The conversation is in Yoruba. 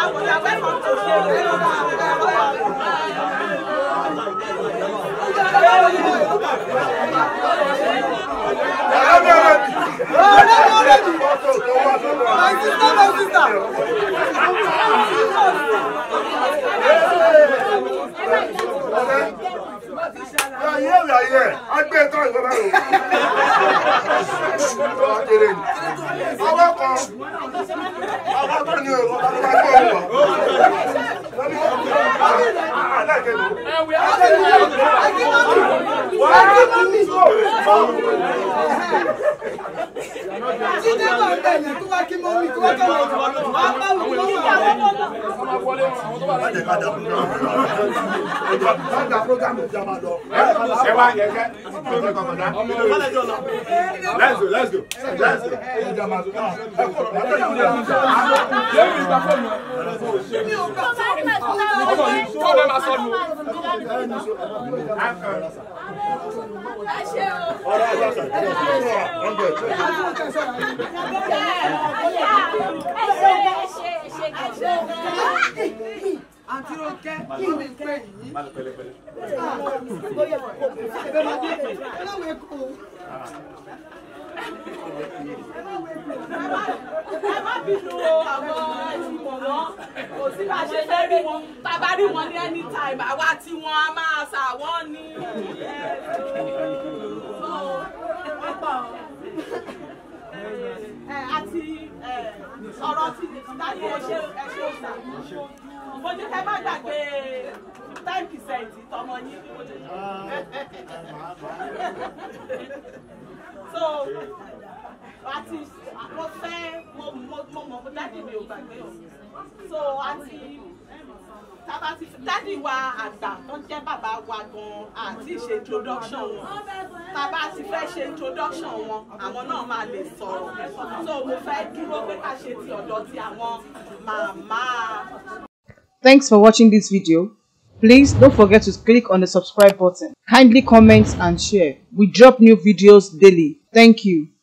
My sister, àwọn akéré ni àwọn kan àwọn kí ní bá bẹ̀ yẹn kí wá kí mọ́ mi kí wá kí wọ́n wá bá wù mí wọ́n wà lọ́wọ́. Ọ̀rọ̀ ọ̀rọ̀ ọ̀rọ̀ ọ̀rọ̀ ọ̀rọ̀ àti Rónkẹ́ lómi pé yìí. ẹgbẹ́ máa dé ẹlọ́wọ̀ èkó. ẹ má bínú àwọn ìmọ̀ràn kò sí bá a ṣe fẹ́ rí wọn bàbá rí wọn ní anytime àwa tí wọ́n á máa ṣàwọ́ ni. ọ̀rọ̀ tí dájú ẹ̀ṣẹ̀ ẹ̀ṣẹ̀ ọ̀sà mojú kẹ́ má gbàgbé ten percent tọmọ yín so àti mo fẹ́ mo mọ̀ dájú mi ò gbàgbé o so àti dádì wa àgbà tó jẹ́ bàbá wa gan àti ṣe introduction wọn bàbá ti fẹ́ ṣe introduction wọn àwọn náà máa lè sọ̀rọ̀ so mo fẹ́ dúró pé ká ṣe ti ọ̀dọ̀ ti àwọn màmá. Thanks for watching this video. Please don't forget to click on the subscribe button. Kindly comment and share. We drop new videos daily. Thank you.